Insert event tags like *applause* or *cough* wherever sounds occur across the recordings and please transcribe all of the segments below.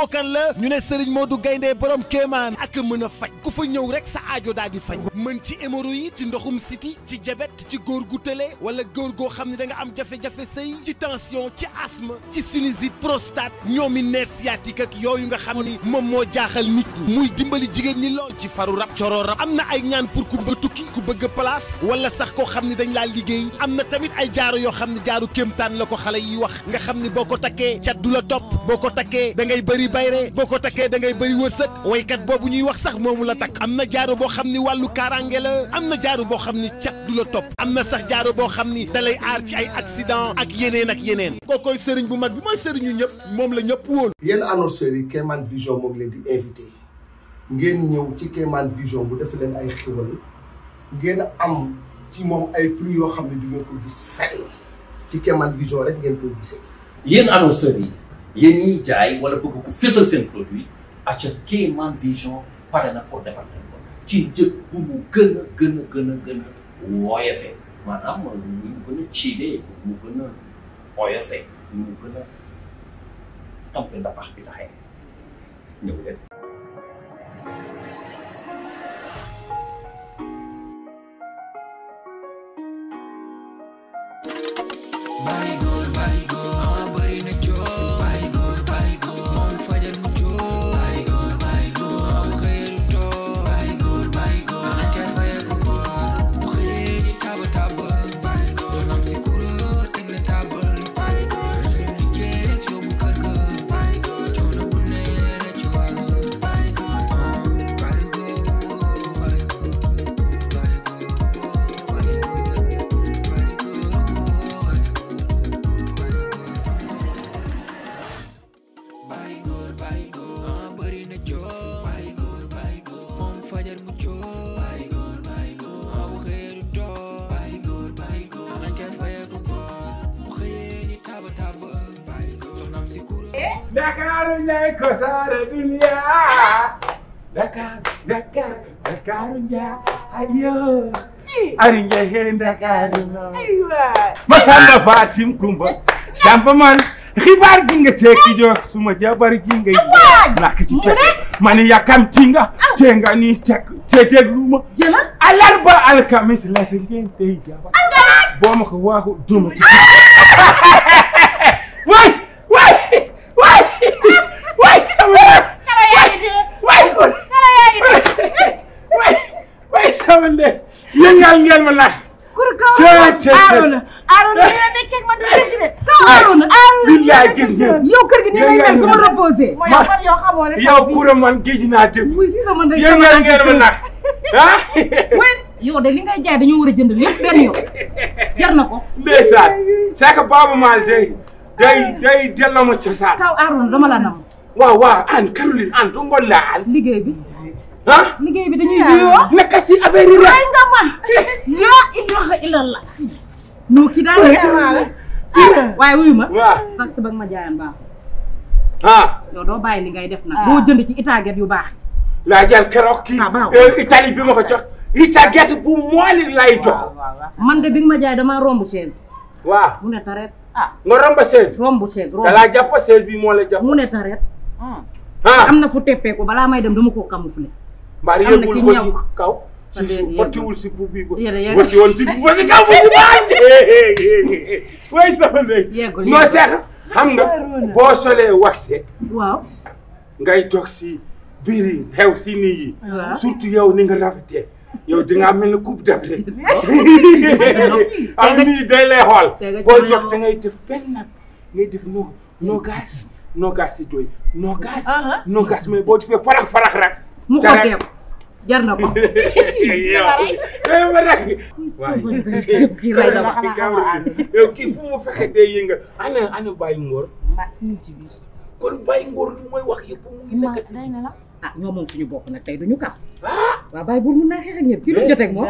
kookan la ñu ne moo du gayndee borom kéemaan ak mën a faj ku fa ñëw rek sa aajo daal di faj mën ci hémorroïde ci ndoxum siti ci jabet ci góor gu tële wala góor goo xam ne da nga am jafe-jafe sëy ci tension ci asthme ci sinusite prostate ñoomi nerf sciatique ak yooyu nga xam ni moom moo jaaxal nit ñi muy dimbali jigéen ñi lool ci faru rab coro rab am na ay ñaan pour ku ba tukki ku bëgg place wala sax koo xam ne dañ laa liggéey am na tamit ay jaaro yoo xam ne jaaru kéemtaan la ko xale yi wax nga xam ne boo ko takkee cat du la topp bayre boo ko takkee da ngay bëri wërsëg waykat boobu ñuy wax sax moomu la takk am na jaaro boo xam ni wàllu kaaraange la am na jaaro boo xam ni cat du la topp am na sax jaaro boo xam ni dalay aar ci ay accident ak yeneen ak yeneen kookoy sëriñ bu mag bi mooy sëriñu ñëpp moom la ñëpp wóolu yéen annonceurs yi Kémane Vision moom leen di invité ngeen ñëw ci Kémane Vision bu def leen ay xiwal ngeen am ci moom ay prix yoo xam ne du ngeen ko gis fenn ci Kémane Vision rek yéen annonceurs yi yéen ñiy jaay wala bëgg ko fésal seen produit aca Vision pada na pour defar leen gumu ci njëg bu mu gën a mana a gën gumu gën a gumu maanaam ñu mu gumu a ciidee mu gën a wooyofee Bye. Dakarun ya kusa da duniya. Dakar, Dakar, Dakarun ya adiyo. Arin ya hen Dakarun. Aiwa. Masamba fatim kumba. Shamba man. Ribar ginga ce kijo suma jabar ginga yi. Na kici take. Mani ya kam tinga. Tenga ni tek teke luma. Jela. Alarba alkamis lasin gen te jaba. Angara. Boma ko wahu dumu. *laughs* Wai. Arona Arona yéen a nekk man dëgg de. Arona Arona gis ngeen. yow kër gi nii lay mel su ma reposé. mooy yow yow xamoo ne. yow kuréel man géej naa jëm. wuy si sama ndey sama ndey ngeen ma nax *laughs* ah. yow de li ngay jaay dañoo war a jënd lépp benn yow jar na ko. ndeysaan c'est que Baaba Maal day day day delloo ma cosaan. kaw Arona dama la nam. waaw waaw an Caroline an du ngoon laa an. liggéey bi. ah liggéey bi dañuy nuyoo. naka si affaire yi rek. nga ma. *laughs* noo kii daal la. Ah, waaye wuyu ma. waaw vax ba nga ma jaayan baaxul. ah. yow doo bàyyi li ngay def nag. boo ah. jënd ci itaaget yu baax. laa jël keroog ah, euh, ko jox. itaaget bu mooli lay jox. man de bi nga ma jaay damaa romb chaise. waaw jàpp bi moo la jàpp. mu ne taret. Hmm. am na fu teppeeku balaa may dem dama koo camoufler. mbaari yëgul ko si kaw si wottiwul si bu bi wottiwul si bu ba si kaw bu si baal fooy sama nekk noo seet xam nga boo solee waxse waaw ngay toog si biir yi xew si nit yi surtout yow ni nga rafetee yow di nga mel ni coupe d'Afrique *laughs* *laughs* am nii day lay xool boo toog da ngay def benn nag ngay def noo noo gaas noo gaas si doy noo gaas noo gaas mais boo defee farax farax rek mu xogee ko jar na ko. yow ma rek. yow kii fu mu fexe tey yënga ana ana Baye Ngor. kon Baye Ngor li mooy wax yëpp mu ngi nekk si. ah ñoo moom suñu bopp nag tey duñu kaf. waaw Baye Ngor mun naa xeex ak ñëpp kii lu jotee ak moom.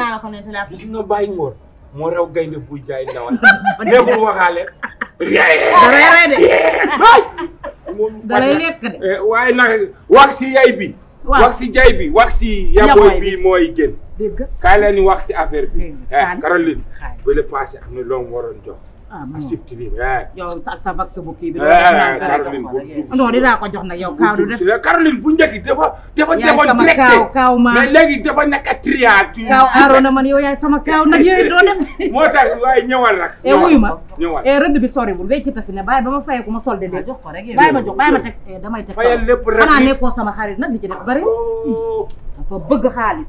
naa Ngor. moo raw gaynde buy jaay ndawal. nekkul waxaale. da lay lekk de. waaye nag wax si yaay bi. wax si jay bi wax si yabooy bi mooy gën kaay leen wax si affaire bi eh, Caroline ba le passé am na loo waroon jox ah bon eh. yow sa sa vax bu kii bi. Eh, eh. non dinaa ko jox nag yow Kaaw du def Caroline bu njëkk dafa dafa dafa directé Kaaw ma mais léegi dafa nekk triat. Kaaw Arona man yow yaay sama Kaaw nag yooyu doo def. *laughs* moo tax waaye ñëwal rek. ñëwal wuyu ma rëdd bi soriwul wecc ta fi ne bàyyi ba ma fayee ko ma sol de jox ko rek bàyyi ma jox bàyyi ma teg damay teg fayal lépp rek xanaa nekkoo sama xarit nag li ci des bari oh. dafa bëgg xaalis.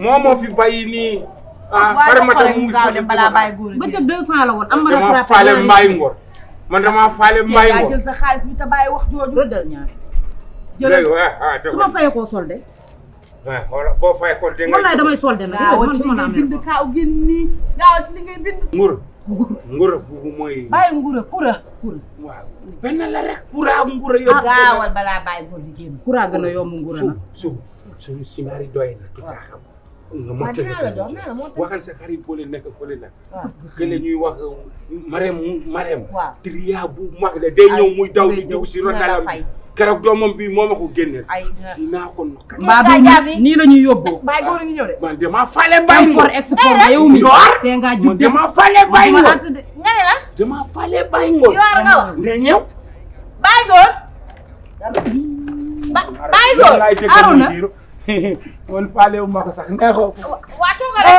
moo moo fi bàyyi nii ah Farimata mu ngi sotti ma damay solde nag. waaw ci li ngay bind kaaw génn nii gaaw ci li ngay bind. nguur kura. kura benn la rek. kura nguur yomb. balaa bàyyi góor kura gën a yomb nguur na. su su su ñaari doy na. waaw nga ah, mottali naa la jox la mottali waxal sa xarit foo leen nekk foo leen ñuy wax mareem euh, mareem. waaw tria bu mag ñëw daw di dugg si rotalam bi keroog doomam bi moo ma ko génneel. ay ko nokk. nii la ñuy yóbboo. mbaa góor ñu ñëw de. nga ne la. damaa fale bàyyi ñu. yor nga wax Arona. won *laughs* o wu ma ko sax neexoo ko. waa toogal rek.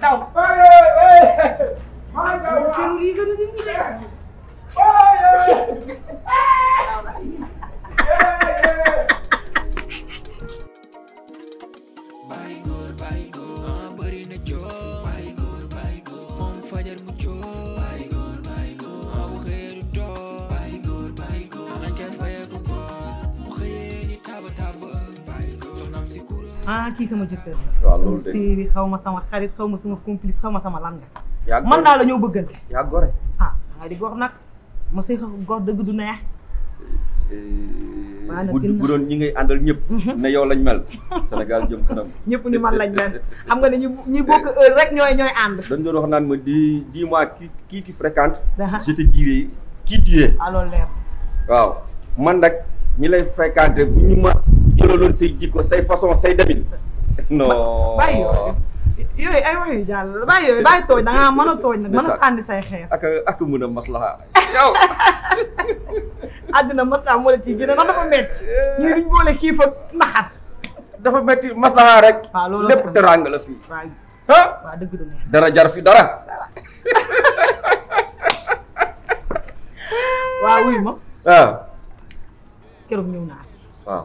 taw. maa ngi taw waaw. ah ki sama jëkkër sama séeri xaw sama xarit xaw sama complice xaw sama lan nga man ah danga di gor nag ma sëy gor dëgg du neex bu doon ñi ngay àndal ñëpp ne yow lañ mel Sénégal jëm kanam ñëpp ni man lañ mel xam nga ñi bokk eh. Eh, rek dañ wax naan ma di di mois kii kii ti fréquente je te dirai kii tu es alors jëlaloon say jikko say façon say demin non bàyyi yooyu ay wax yu jàll la bàyyi yooyu bàyyi tooñ da ngaa a tooñ nag mën a sànni say xeer ak ak a maslaha yow *laughs* àddina maslaha moo la ci gën a ndax dafa metti ñu rek waaw loolu lépp la fii dara jar fi dara *laughs* waaw wuy ma waaw ah. keroog ñëw naa waaw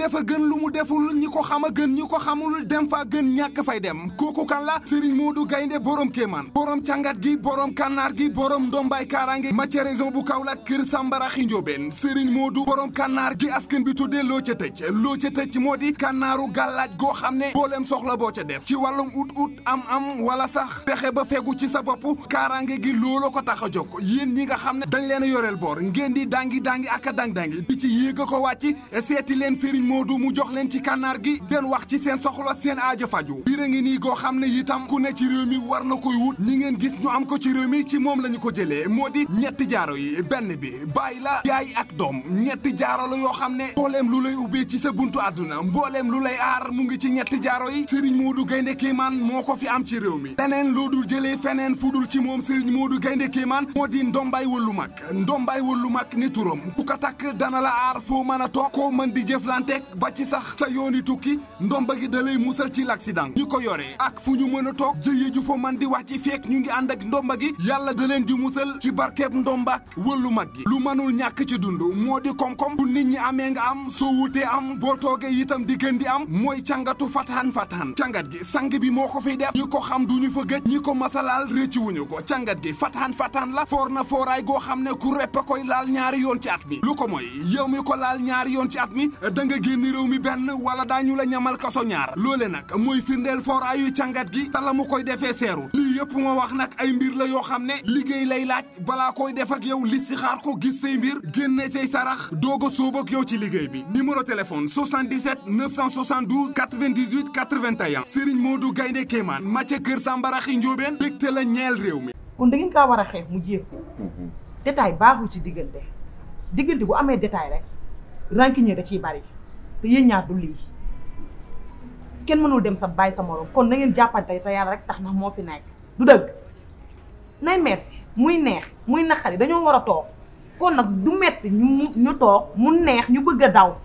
def a gën lu mu deful ñi ko xam a gën ñi ko xamul dem fa gën ñàkk fay dem kooku kan la Serigne Modou Gaynde borom Kéemaan borom càngat gi borom kannaar gi borom ndombaay kaaraange macha région bu kaw Kaolack kër Sambara Xinjoobeen Serigne Modou borom kannaar gi askan bi tuddee loo ca tëj loo ca tëj moo di kannaaru gàllaaj goo xam ne booleem soxla boo ca def ci wàllum ut ut am am wala sax pexe ba fegu ci sa bopp kaaraange gi looloo ko tax a jóg yéen ñi nga xam ne dañ leen a yoreel boor a dang di ci yéeg a ko wàcc seeti leen Modou mu jox leen ci kànnaar gi den wax ci seen soxla seen aajo faju biir a nii goo xam ne itam ku ne ci réew war na koy wut ñi ngeen gis ñu am ko ci réew mi ci moom la ñu ko jëlee moo di ñetti jaaro yi benn bi bàyyi la yaay ak doom ñetti jaaro la yoo xam ne mbooleem lu lay ubbi ci sa buntu àdduna mbooleem lu lay aar mu ngi ci ñetti jaaro yi Serigne Modou Gaynde Kéemaan moo ko fi am ci réew mi leneen loo dul jëlee feneen fu ci moom Serigne Modou Gaynde Kéemaan moo di ndombay wëllu mag ndombay wëllu mag ni turam ku ko takk dana la aar foo mën a toog koo mën di jëflante rek ba ci sax sa yi tukki ndomba gi da lay musal ci l'accident ñi ko yoree ak fu ñu mën a toog jëye ju fa man di wax wàcc feek ñu ngi ànd ak ndomba gi yàlla da leen di musal ci barkeeb ndombaak wëllu mag gi lu manul ñàkk ci dund moo di koom-koom bu nit ñi amee nga am soo wutee am boo toogee itam di gën di am mooy càngatu fataan fataan cangat gi sang bi moo ko fi def ñi ko xam duñu fa gëj ñi ko masalaal rëcc ko càngat gi fataan fataan la foor na fooraay goo xam ne ku repp koy laal ñaari yoon ci at mi ko mooy yow mi ko laal ñaari yoon ci at mi génn réew mi benn wala daañu la ñamal kaso ñaar loole nag mooy firndeel fooraayu càngat gi te la mu koy defee seeru lii yëpp ma wax nag ay mbir la yoo xam ne liggéey lay laaj balaa koy def ak yow li si xaar ko gis say mbir génne say sarax doog a sóob yow ci liggéey bi numéro téléphone 77 972 98 81 Serigne Modou Gaynde Kéemaan Mathia Kër Sambaraxi Njóobeen dégte la ñeel réew mi kon da ngeen kaa war a xeex mu jéem mhm. détail baaxul ci diggante diggante bu amee détail rek te yéen ñaar du lii kenn mënul dem sa baay sa morom kon na ngeen jàppante te yàlla rek tax na moo fi nekk du dëgg nay metti muy neex muy naqari dañoo war a toog kon nag du metti ñu toog mu neex ñu bëgg a daw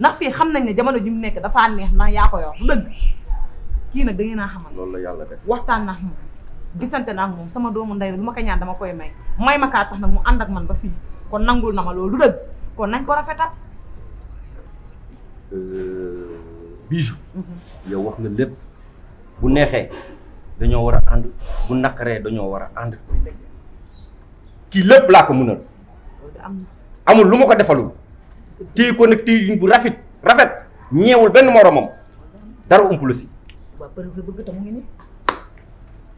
ndax fii xam nañ ne jamono ji mu nekk dafaa neex ndax yaa ko yor du dëgg kii nag da ngeen a xamal loolu waxtaan naa moom gisante naa moom sama doomu ndey lu ma ko ñaan dama koy may may ma kaa tax nag mu ànd ak man ba fii kon nangul na ma loolu Euh, bijou mhm. yow wax nga lépp bu neexee dañoo war a ànd bu naqaree dañoo war a ànd kii lépp laa ko mënal amul lu ma ko defalul téye ko nag téye bu rafet rafet ñeewul benn moromam dara umpul si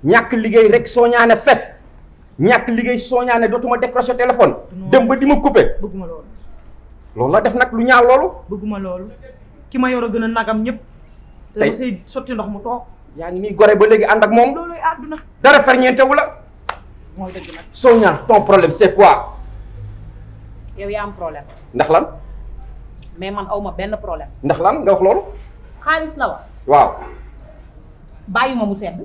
ñàkk liggéey rek soo ñaane fes ñàkk liggéey soo ñaane dootuma décrocher téléphone dem ba di ma couper loolu la def nak lu ñaaw loolu. bëgguma loolu ki ma yor a nagam ñëpp. tey dama say sotti ndox mu tok yaangi ni goré ba légui and ak mom moom. ay aduna dara ferñeente wu la. moy dëgg nak soña ton problème c'est quoi. yow ya am problème. ndax lan. mais man awma ben problème. ndax lan nga wax loolu. xaalis la wax. waaw. bàyyi mu sedd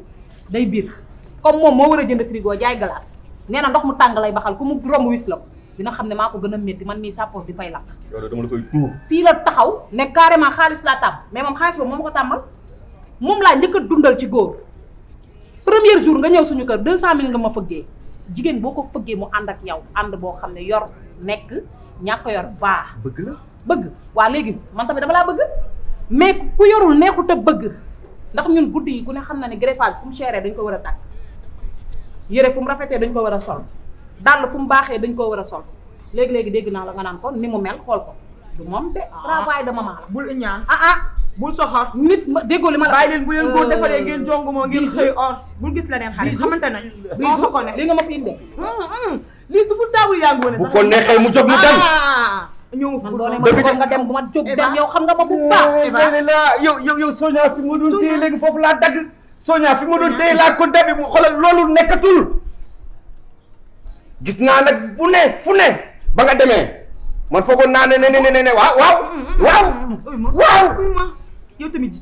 day bir comme mom mo wara jënd frigo jaay glace néna ndox mu tang lay baxal ku mu romb wis la ko. dina xam ne maa ko gën a métti man mii sàppoor di fay lakk. yow dama la koy tuur. fii la taxaw ne carrément xaalis laa tàmm mais moom xaalis boobu moo ma ko tàmmal moom laa njëkk dundal ci góor premier jour nga ñëw suñu kër 200000 nga ma fëggee jigéen boo ko fëggee mu ànd ak yow ànd boo xam ne yor nekk ñàkk yor baa. bëgg la bëgg waa léegi man tamit dama laa bëgg mais ku yorul neexu tëb bëgg ndax ñun guddi yi ku ne xam na ne greffage fu mu chéré dañ ko war a tàkk yére fu mu rafetee dañ ko war a sol dal fu mu baxé dañ ko wara sol léegi léegi dégg na la nga nan ko ni mu mel xol ko du mom dé travail de mama ah. la bul ñaan ah ah bul soxor nit déggo li ma bay leen bu leen góor euh, defaree ngeen jong mo ngeen xey or bul gis leneen xari xamanté nañ moo fa ko né li nga ma fi inde li du bu daawul yaa ngi sax bu ko xey mu jog mu dem ah, ñëw fa dëgg nga dem bu ma jóg dem yow xam nga ma bu baax yow yow yow soña fi mu dul téye léegi foofu laa dagg soña fi mu dul téye laa ko debi mu xoolal loolu nekkatul gis naa nag bu ne fu ne ba nga demee man foogoon naa ne ne ne ne ne waaw waaw. waaw waaw. yow tamit.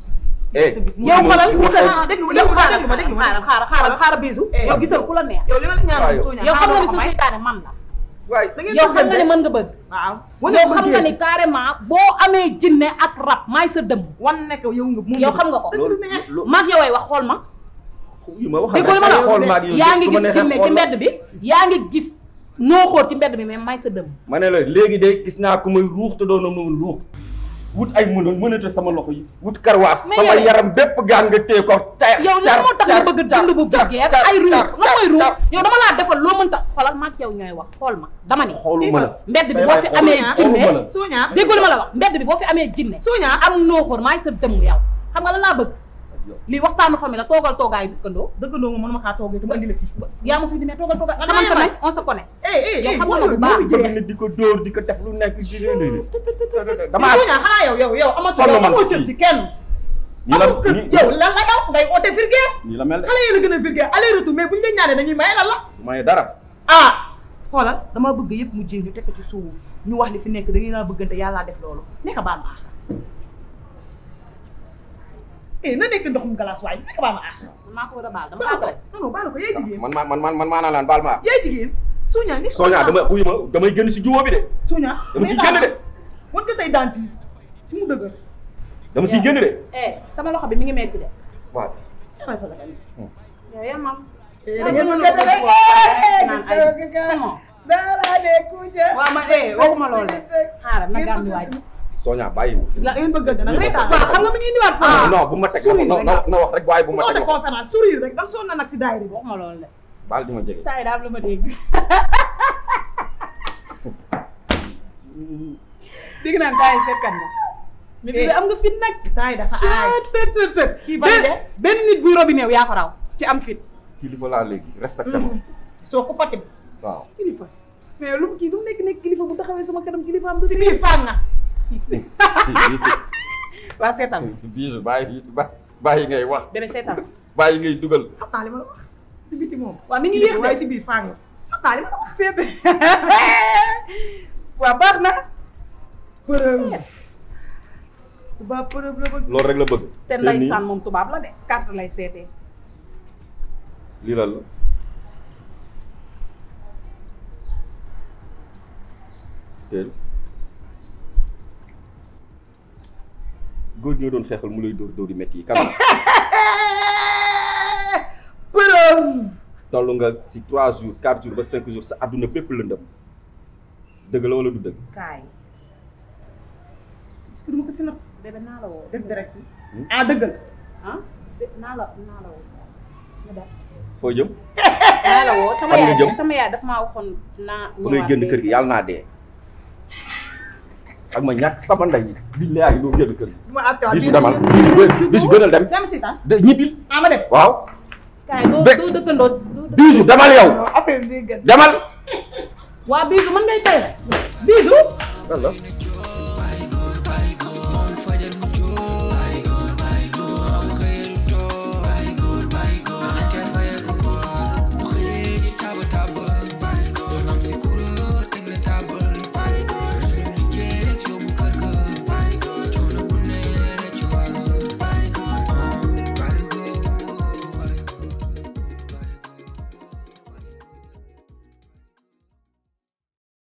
Eh, yow xoolal gisal yow xaaral ma déglu ma xaaral xaaral xaaral bisu. Eh. yow gisal ku la neex. yow li ma la ñaanal yow xam nga ni sa seytaane man la. waay yow xam nga ni mën nga bëgg. waaw yow xam nga ni carrément boo amee jinne ak rab maay sa dëmm. wan nekk yow nga yow xam nga ko. loolu maag yow ay wax xool ma. déggoo li ma la wax yaa ngi gis jinne ci mbedd bi yaa ngi gis noo xóot ci mbedd bi mais may sa ma ne la léegi de gis naa ku may ruux te doona moom ruux wut ay mënoon mënate sama loxo yi wut karwaas sama yaram bépp gaan nga téye ko yow lan moo tax bëgg dund bu vulgaire ay ruux lan mooy ruux yow dama laa defal loo mën tax xoolal maak yow ñooy xool ma dama ne xooluma la mbedd bi boo fi amee jinne suñaa déggoo li ma la wax mbedd bi boo fi amee jinne suñaa am nooxóor maay sa dëmm yow xam nga la laa bëgg lii waxtaanu famille la toogal toogaay dëkkandoo dëkkandoo moom xaa toogee yaa ma fi di ne toogal toogaay xamante nañ on se connaît eh, eh, yow eh, xam nga na di ko dóor di ko def lu nekk di damaa xanaa yow yow yow amatoo cër si kenn amul kër yow lan la yow ngay oote virgule gën a virgule aller retour mais bu ñu leen ñaanee dañuy maye lan dara ah xoolal damaa bëgg yëpp mu jéem ñu teg ci suuf ñu wax li fi nekk da naa a bëggante yàlla def loolu nekk baal baax eh na nekk ndoxum glace waaye nekk baal ah. maa ko war anu, dama ko non ya, non ko man man man man maanaa laan ma ah. yaay jigéen ni. Sonia dama uyu damay génn si jiwoo bi de. dama si génn de. wan nga say dentiste mu dëgër. dama si génn de. Eh, eh sama loxo bi mi ngi metti de. waaw. yow hmm. yaa ya, maam. da ngeen mën a ko def waaw gis nga gis eh waxuma loolu de xaaral na gàmmi waaj soña bàyyi la ngeen eh, bëgg dana reetaan waaw xam nga mi ngi indiwaat ah non bu ma teg na na wax rek bu ma conférence sourire rek si daayira bi wax de di ma jege taay daal lu ma dégg dégg naan taay seetkat bi am nga fit nak taay dafa aay tët tët tët kii ba de benn nit buy robineew yaa ko raw ci am fit kilifa laa léegi respecté ma soo ko pati waaw kilifa mais lu du kilifa bu sama kanam kilifa am si biir fànn ah waa seetaan biisu bàyyi ba bàyyi ngay wax bébé seetaan bàyyi ngay dugal xam naa li ma la wax si biti moom waaw mi ngi yéex waaye si biir faa nga xam naa li ma la wax fépp waa baax na preuve tubaab preuve la bëgg loolu rek la bëgg te ndeysaan moom tubaab la de carte lay seetee lii lan la teel góor gi nga doon xeexal mu lay dóor dóor yu métti yi. kanam *laughs* preuve. toll nga si 3 jours 4 jours ba 5 jours sa àdduna bépp lëndëm dëgg la wala du dëgg. Hmm? ah dëgg ah? la foo jëm. *laughs* naa la sama yaay sama yaay waxoon naa. ku lay génn kër gi yàlla naa dee. ak ma ñàkk sama ndey billaahi doo génn kër gi. bisu demal bisu gënal dem. dem si tan ñibbil. ah ma dem waaw. kaay doo doo dëkkandoo. bisu demal yow. bi demal. waa bisu mën ngay